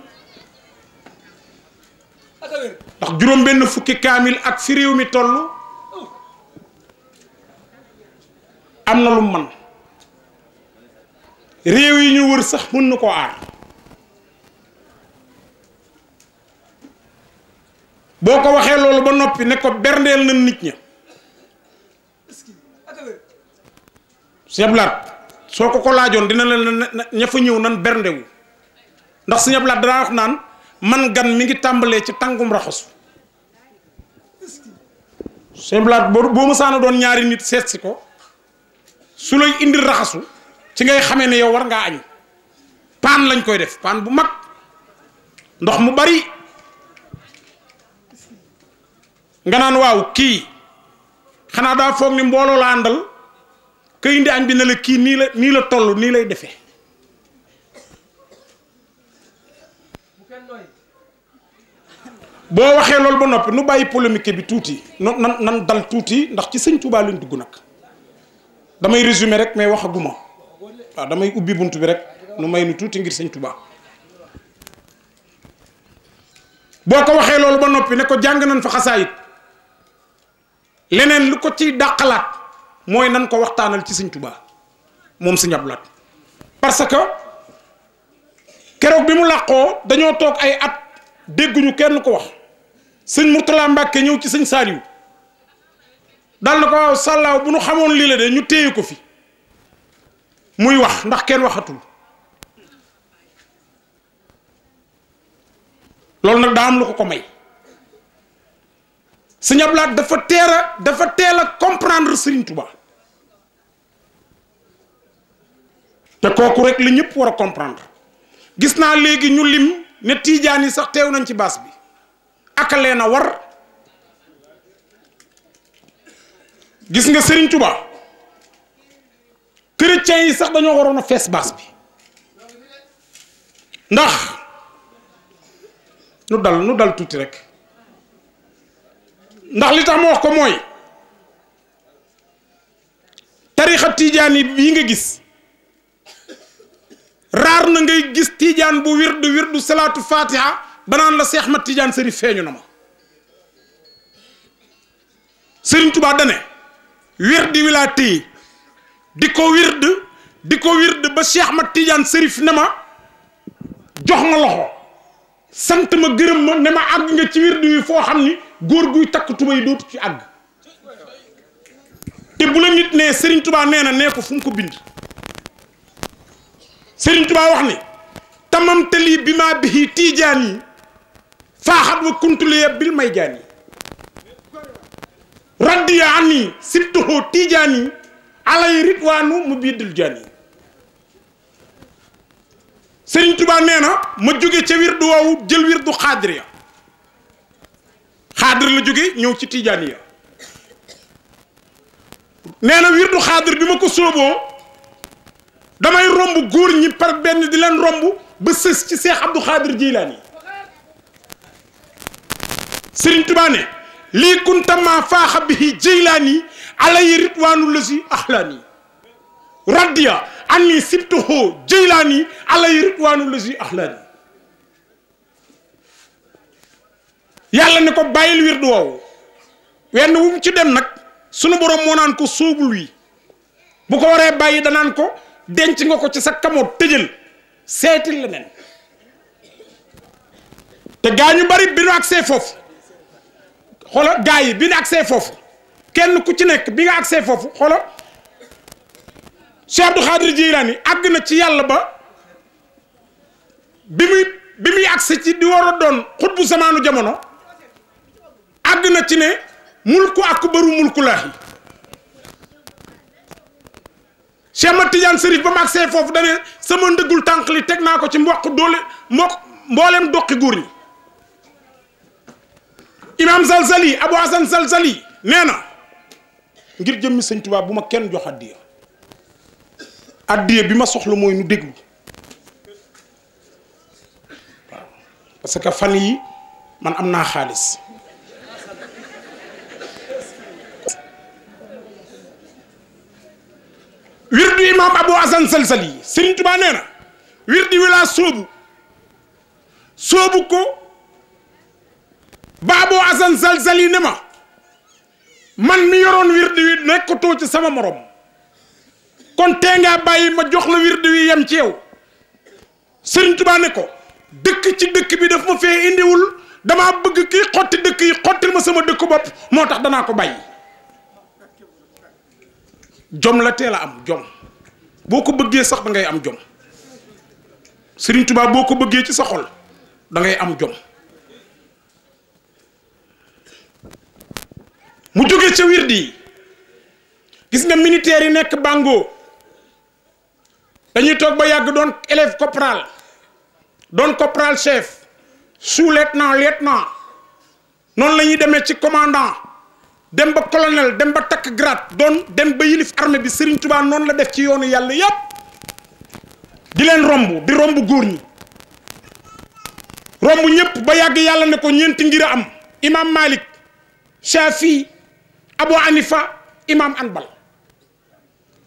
ndax juróom benn fukki kaamil ak fi réew mi toll am na lum mu man réew yi ñu wër sax mën na koo aar boo ko waxee loolu ba noppi ne ko berndeel na nit ña Sëñ Laat soo ko ko laajoon dina leen ña fa ñëw nan berndewu ndax Sëñ Laat danaa wax naan man gan mi ngi tàmbalee ci tàngum raxasu Sëñ Laat boo boo ma doon ñaari nit seet si ko su lay indil raxasu ci ngay xamee ne yow war ngaa añ paan lañ koy def paan bu mag ndox mu bari nga naan waaw kii xanaa daa foog ni mbooloo la àndal ka indi añ bi ne la kii nii la nii la toll nii lay defe boo waxee loolu ba noppi nu bàyyi polémique bi tuuti nan nan dal tuuti ndax ci sëñ Touba lañ dugg nag damay résumer rek may waxaguma waaw damay ubbi bunt bi rek nu may nu tuuti ngir sëñ Touba boo ko waxee loolu ba noppi ne ko jàng nañ fa xasaayit leneen lu ko ciy dàqalaat mooy nan ko waxtaanal ci sëñ Tuubaa moom sëñ Abdu parce que keroog bi mu làqoo dañoo toog ay at dégguñu kenn ko wax sëñ Murtala Mbàkke ñëw ci sëñ Saaliw dal na ko waaw sàllaaw bu nu xamoon lii la de ñu téye ko fi muy wax ndax kenn waxatul loolu nag daa am lu ko ko may Sëñ Abdou Lahad dafa teel dafa teel a comprendre Serigne Touba te kooku rek li ñëpp war a comprendre gis naa léegi ñu lim ne tiijaan yi sax teew nañ ci baas bi aka na war gis nga Serigne Touba chrétiens yi sax dañoo waroon a fees baas bi ndax nu dal nu dal tuuti rek. ndax li tax ma wax ko mooy tarixa tiijaan yi nga gis raar na ngay gis tiijaan bu wirdu wirdu salaatu fatiha banaan la Seex Ahmat Tiijaan Sërif feeñu na ma Sëriñ Tubaa dane wirdi wilaati di ko wird di ko wird ba Seex Ahmat Tiijaan Sërif ne ma jox ma loxo sant ma gërëm ma ne ma àgg nga ci wird wi foo xam ni góor guy takk tubay dootu ci àgg te bu la nit nee Serigne Touba nee ko fu mu ko bind Serigne Touba wax ni tamam tali bi maa bihi tiijaan yi faaxat wa kuntulee bil may jaan yi raddiya an yi sibtuhoo tiijaan yi alay ritwaanu mu biddul jaan yi Serigne Touba nee na ma jóge ca wirdu woowu jël xaadir la jóge ñëw ci ya nee na wirdu xaadir bi ma ko sóoboo damay romb góor ñi par benn di leen romb ba sës ci seex abdu xaadir jilaani sëriñ Tuubaa ne lii kuntama faaxa bihi jilaani alayhi ridwaanu lasi axlaani radiya anni sibtuhu jilaani alayhi ridwaanu lasi axlaani yàlla ne ko bàyyil wirdu woowu wenn wu ci dem nag sunu boroom moo naan ko sóobul wi bu ko waree bàyyi danaan ko denc nga ko ci sa kamoot tëjal seetil leneen te gaa ñu bari bi nu agsee foofu xolo gaa bi nu foofu kenn ku ci nekk bi nga agsee foofu xolo Cheikh Abdou Khadir Jilaani àgg na ci yàlla ba bi muy bi muy agsi ci di war a doon xutbu zamaanu jamono àgg na ci ne mulku akbaru mulku laahi Cheikh Ahmad Tidiane Serif ba mag foofu dane sama ndëggul tànk li teg naa ko ci mboq doole mboq mbooleem doqi góor ñi imaam Zalzali Abou Hassan Zalzali nee na ngir jëmmi sëñ Tuubaa bu ma kenn jox addiya addiya bi ma soxla mooy nu déglu parce que fan yi man am naa xaalis wirdu imaam Abu Hasan Salsali Sëriñ Tuubaa nee na wirdu wi laa ko ba Abu Hasan Salsali ne ma man mi yoroon wirdu wi nekkatoo ci sama morom kon tee bàyyi ma jox la wirdu wi yem ci yow Sëriñ Tuubaa ne ko dëkk ci dëkk bi daf ma fee indiwul damaa bëgg kii xotti dëkk yi xottil ma sama dëkk bopp moo tax danaa ko bàyyi jom la teel a am jom boo ko bëggee sax da ngay am jom Serigne Touba boo ko bëggee ci sa xol da ngay am jom mu jóge ca wirdi yi gis nga militaire yi nekk bàngoo dañuy toog ba yàgg doon élève copral doon copral chef sous lieutenant lieutenant noonu la ñuy demee ci commandant dem colonel dem takk grade doon dem ba yilif armée bi Serigne Touba noonu la def ci yoonu yàlla yépp di leen romb di romb góor ñi romb ñëpp ba yàgg yàlla ne ko ñeenti ngir am imam Malik Shafi Abu Hanifa imam Anbal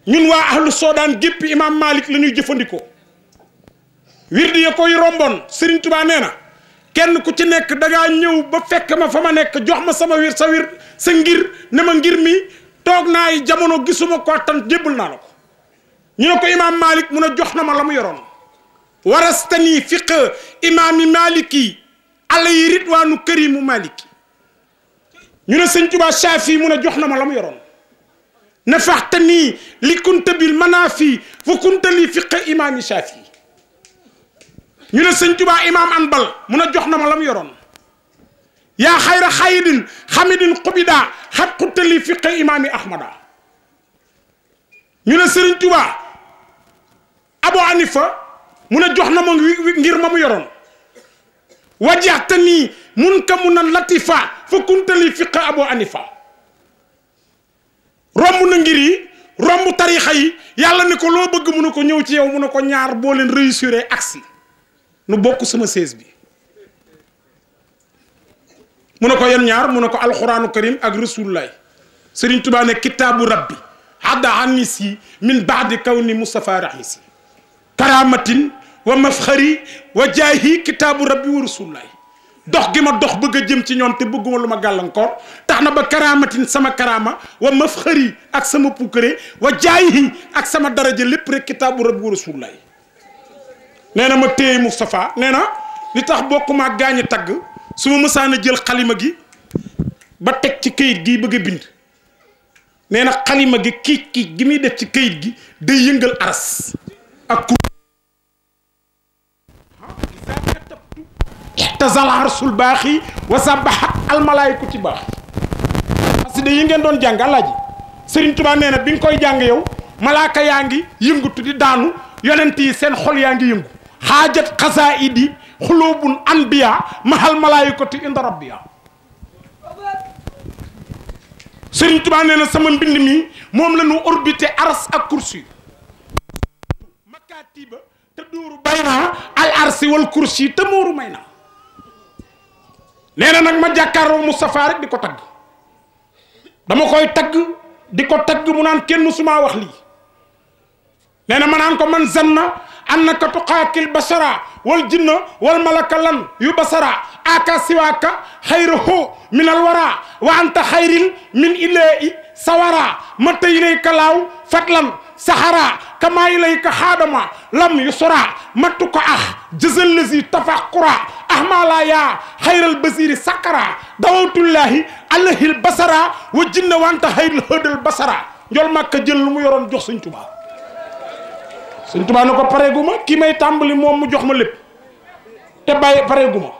ñun waa ahlu Soodaan gépp imam Malik la ñuy jëfandikoo wirdi ya koy romboon Serigne Touba nee na kenn ku ci nekk dangaa ñëw ba fekk ma fa ma nekk jox ma sama wir sa wir sa ngir ne ma ngir mi toog naa ay jamono gisuma ko tan jébbal naa la ko ñu ne ko imaam Malik mun a jox na ma la mu yoroon warastani fiq imaami maliki alayhi ridwaanu karimu maliki ñu ne sëñ Shaafi mun a jox na ma la mu yoroon nafaxtani li kunta bil manaafi fa kunta li fiq imaami Shaafi ñu ne sëñ Tuubaa imaam an bal mun a jox na ma la mu yoroon yaa xayra xayidin xamidin xubida xat xuttali fiqe imaami ahmada ñu ne sëriñ Tuubaa abo anifa mun a jox na ma ngir ma mu yoroon wajaxta nii mun ka mun a latifa fa kuntali fiqe abo anifa romb na ngir yi romb tarixa yi yàlla ne ko loo bëgg mun a ko ñëw ci yow mun ne ko ñaar boo leen réussire aksi nu bokk sama sées bi mu ne ko yan ñaar mu ne ko alxuraanu karim ak rasulullah sëriñ tubaa ne kitaabu rabbi hadda anis yi min baadi kaw ni moustapha rahis yi karamatin wa mafxari wa jaahi kitaabu rabbi wa rasulullah dox gi ma dox bëgg a jëm ci ñoom te bëgguma lu ma gàllankoor tax na ba karamatin sama karama wa mafxari ak sama pukkare wa jaayi ak sama daraja lépp rek kitaabu rabbi wa rasulullah nee na ma téye Moustapha nee na li tax bokkuma ak gaañi tagg su ma mësaan jël xalima gi ba teg ci këyit gi bëgg a bind nee na xalima gi kiic kiic gi muy def ci këyit gi day yëngal aras ak ku tazal arsul baaxi wa sabaha almalayku ci baax xasida yi ngeen doon jàng alaaji Serigne Touba nee na bi nga koy jàng yow malaaka yaa ngi yëngutu di daanu yonent yi seen xol yaa ngi yëngu xaajat xasaidi xulubun anbiya mahal malaayikati inda rabbiya sëriñ tubaa nee na sama mbind mi moom la ñu orbité ars ak kursi makkaatiba te dóoru bay al arsi wal kursi te mooru may na nee na nag ma jàkkaarloo Moustapha rek di ko tagg dama koy tagg di ko tagg mu naan kenn su ma wax lii nee ma naan ko man zanna annaka tuqaakil basara wal jinna wal malaka lan yu basara aka siwaaka xayruhu min alwara wa anta xayril min ilai sawara matta ilayka laaw fatlan sahara kama ilayka haadama lam yusra mattu ko ah jësal lesi tafaqura ahmala ya xayral basiri sakara dawawtullahi alahil basara wa jinna wa anta xayril hëdal basara njol makka jël lu mu yoroon jox Sëñ Tuubaa sëñ Tuubaa ne ko pareegu ma ki may tàmbali moom mu jox ma lépp te bàyyi pareegu ma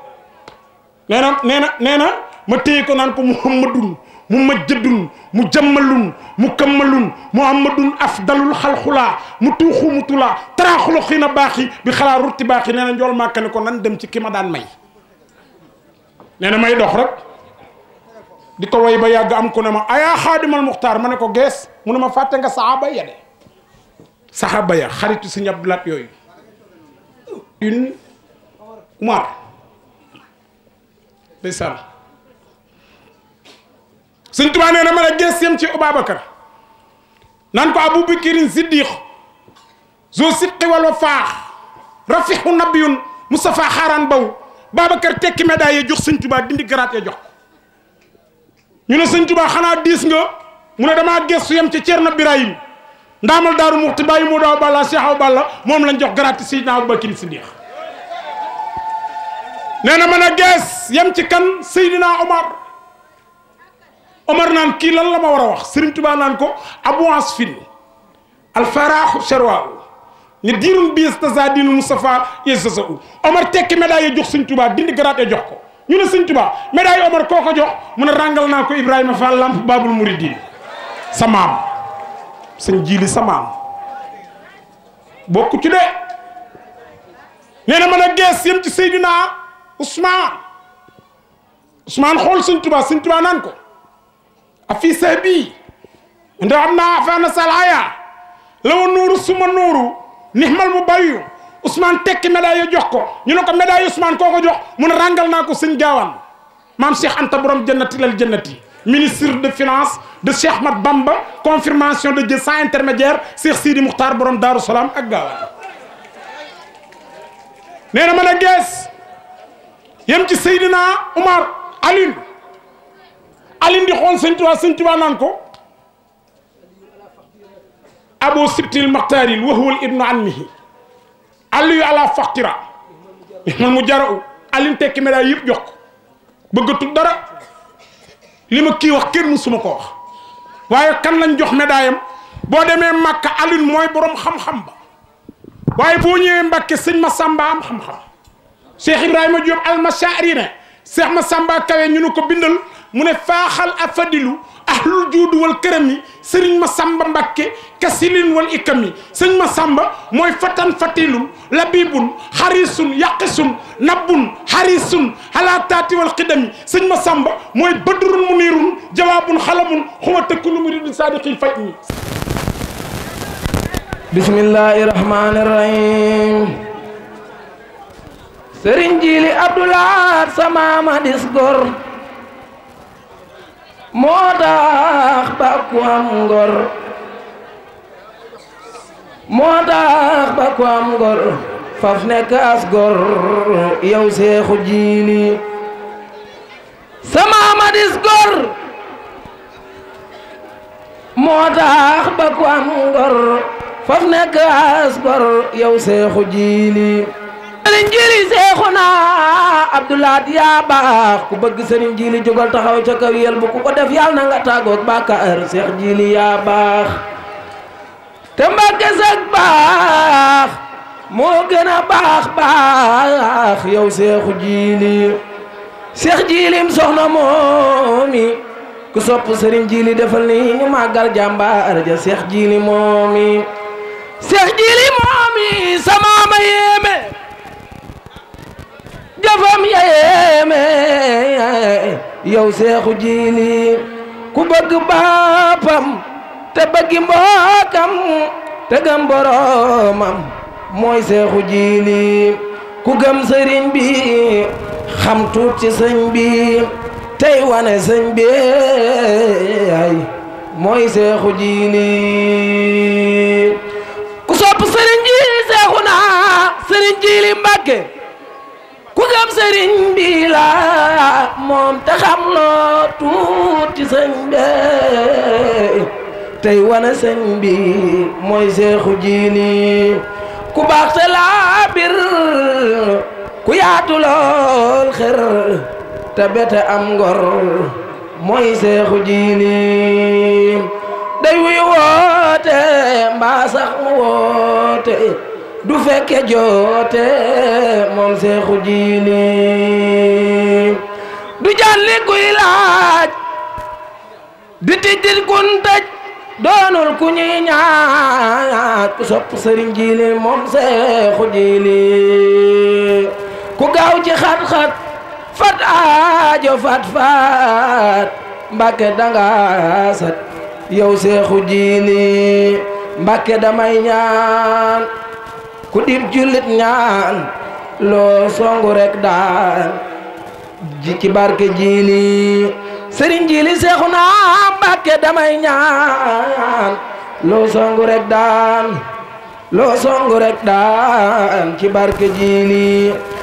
nee na nee na nee na ma téye ko naan ko muhammadun mu majjadun mu jammalun mu kammalun muhammadun afdalul xalxulaa mu tuuxu mu tulaa taraaxulo xii na baaxi bi xalaa rutti baaxi nee na njool màkk ne ko nan dem ci kii ma daan may nee na may dox rek di ko way ba yàgg am ku ne ma ayaa xaadimal muxtaar ma ne ko gees mu ne ma fàtte nga saaba ya de saxaaba ya xaritu sëñ Abdou Lahad yooyu une mois sëñ Tuubaa nee na man a geesem ci Abubakar nan ko Abubakarin Siddiq zo sidqi wal wafaa rafihu nabiyun Mustafa xaaraan baw Babacar tekki médaille ya jox sëñ Tuubaa dindi garaat ya jox ñu ne sëñ Tuubaa xanaa diis nga mu ne damaa gestu yem ca Cerno Birahim ndaamal daaru muxti bàyyi mu daaw balla seexaw balla moom lañ jox gratis Seydina Abubakar Siddiq nee na mën a gees yem ci kan Seydina Omar Omar naan kii lan la ma war a wax Serigne Touba naan ko abu asfin alfaraaxu sherwaaw ni diirun biis tasa diinu Moustapha yéesa sa u Omar tekki médaille jox Serigne Touba dindi gratis jox ko ñu ne Serigne Touba médaille Omar koo jox mu ne ràngal naa ko Ibrahima Fall lamp Babul Mouridine sa maam sëñ jiili samaam bokku ci de nee na mën a gees yem ci Seydina Ousmane Ousmane xool sëñ Tuubaa sëñ Tuubaa naan ko a fii say bii ndax am naa afaana salaaya la wa nuuru suma nuuru nixmal mu bayu Ousmane tekki médaille jox ko ñu ne ko médaille Ousmane koo ko jox mun a naa ko sëñ gaawaan maam Cheikh Anta borom jannati lal jannati ministre de finance de Cheikh Ahmad Bamba confirmation de Dieu sans intermédiaire Cheikh Sidi Moukhtar borom Daaru Salaam ak gaawaan nee na mën yem ci Seydina Omar Alioune Alioune di xool sëñ Tuubaa sëñ Tuubaa naan ko abu sibtil maxtaaril wahuwal ibnu anmihi alliyu ala faqira man mu jara dara li ma kii wax kenn mësuma ko wax waaye kan lañ jox médaille boo demee Màkka Alioune mooy boroom xam-xam waaye boo ñëwee Mbàkke sëñ Masamba am xam-xam Cheikh Ibrahima Diop almashaari ne ma Masamba kawe ñu ne ko bindal mu ne faaxal afadilu ahlul juudu wal këram yi sëriñ ma samba mbakke kasilin wal ikam yi sëñ ma samba mooy fatan fatilum labibun xarisun yaqisun nabbun xarisun ala taati wal xidam yi sëñ ma samba mooy badrun munirun jawaabun xalamun xuma tëkkulu muridin sadiqil faj mi bismillahi rahmani rahim sëriñ jiili abdoulaat sama ma dis gor moo tax ba ku am ngor moo tax ba ku am ngor nekk as gor yow seexu jiili sama amadis gor moo tax ba ku am ngor nekk as gor yow seexu jiili sëriñ jili seexuna abdoulaad yaa baax ku bëgg sëriñ jili jógal taxaw ca kaw bu ku ko def yàlla na nga tàggoog bàkkaar seex jili yaa baax te mbàkke sag baax moo gën a baax baax yow seexu jili seex jilim soxna moomi ku sopp sëriñ jili defal ni ñu màggal jàmbaar ja seex jili moomi seex jili moomi sama ma yéeme jëfam yéeme yow seexu jiili ku bëgg baapam te bëggi mbookam te gëm boroomam mooy seexu jiili ku gëm sëriñ bi xam tuut ci sëñ bi tey wane sëñ bi mooy seexu jiili ku sopp sëriñ ji seexu naa sëriñ jiili mbàkke ku gëm sëriñ bi la moom te xam loo tuuti sëñ bi tey wane seen bi mooy seexu jiili ku baax te laa bir ku yaatu lool xër te bete am ngor mooy seexu jiili day wuy woote mbaa mu woote du fekke joote moom seexu jiili du jàlli kuy laaj di tijjit kun tëj doonul ku ñuy ñaaj ku sopp sëriñ jiili moom seexu jiili ku gaaw ci xat-xat fat aajo fat fat mbàkke danga yow seexu jiili mbàkke damay ñaan ku dir jullit ñaan loo songu rek daan ji ci barke jiili sëriñ jiili seexu naa Mbàkke damay ñaan loo songu rek daan daan ci barke jiili